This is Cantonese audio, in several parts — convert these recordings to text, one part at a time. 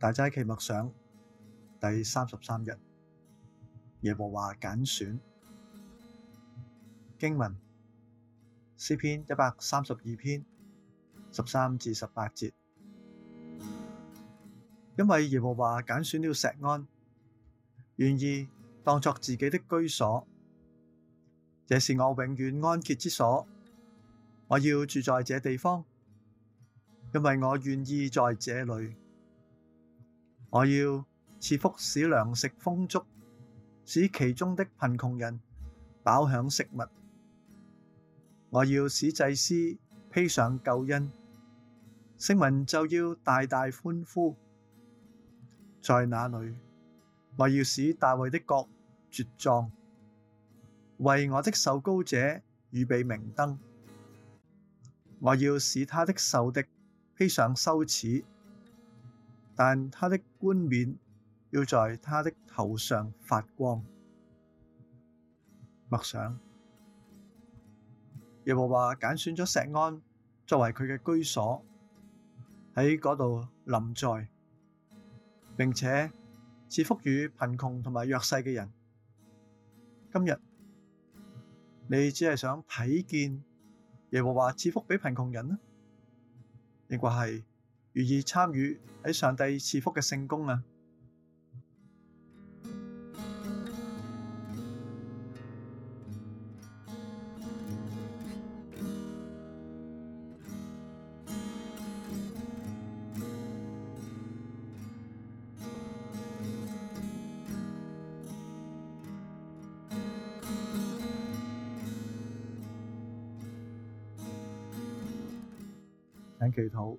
大齋期默想第三十三日，耶和華揀選經文詩篇一百三十二篇十三至十八節。因為耶和華揀選了錫安，願意當作自己的居所，這是我永遠安歇之所。我要住在這地方，因為我願意在這裏。我要賜福使糧食豐足，使其中的貧窮人飽享食物。我要使祭司披上救恩，聖民就要大大歡呼。在那裏，我要使大衛的國茁壯，為我的受膏者預備明燈。我要使他的仇敵披上羞恥。但他的冠冕要在他的頭上發光。默想，耶和華揀選咗錫安作為佢嘅居所，喺嗰度臨在，並且賜福予貧窮同埋弱勢嘅人。今日你只係想睇見耶和華賜福俾貧窮人啦，亦或係。願意參與喺上帝賜福嘅聖工啊！請祈禱。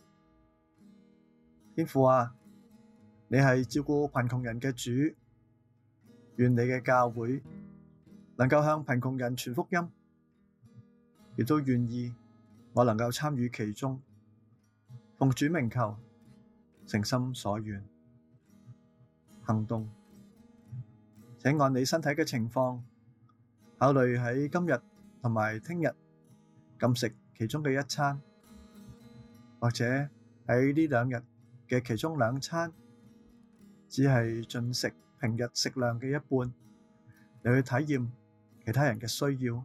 天父啊，你係照顧貧窮人嘅主，願你嘅教會能夠向貧窮人傳福音，亦都願意我能夠參與其中。奉主名求，誠心所願。行動，請按你身體嘅情況考慮喺今日同埋聽日禁食其中嘅一餐，或者喺呢兩日。嘅其中兩餐，只係進食平日食量嘅一半，嚟去體驗其他人嘅需要。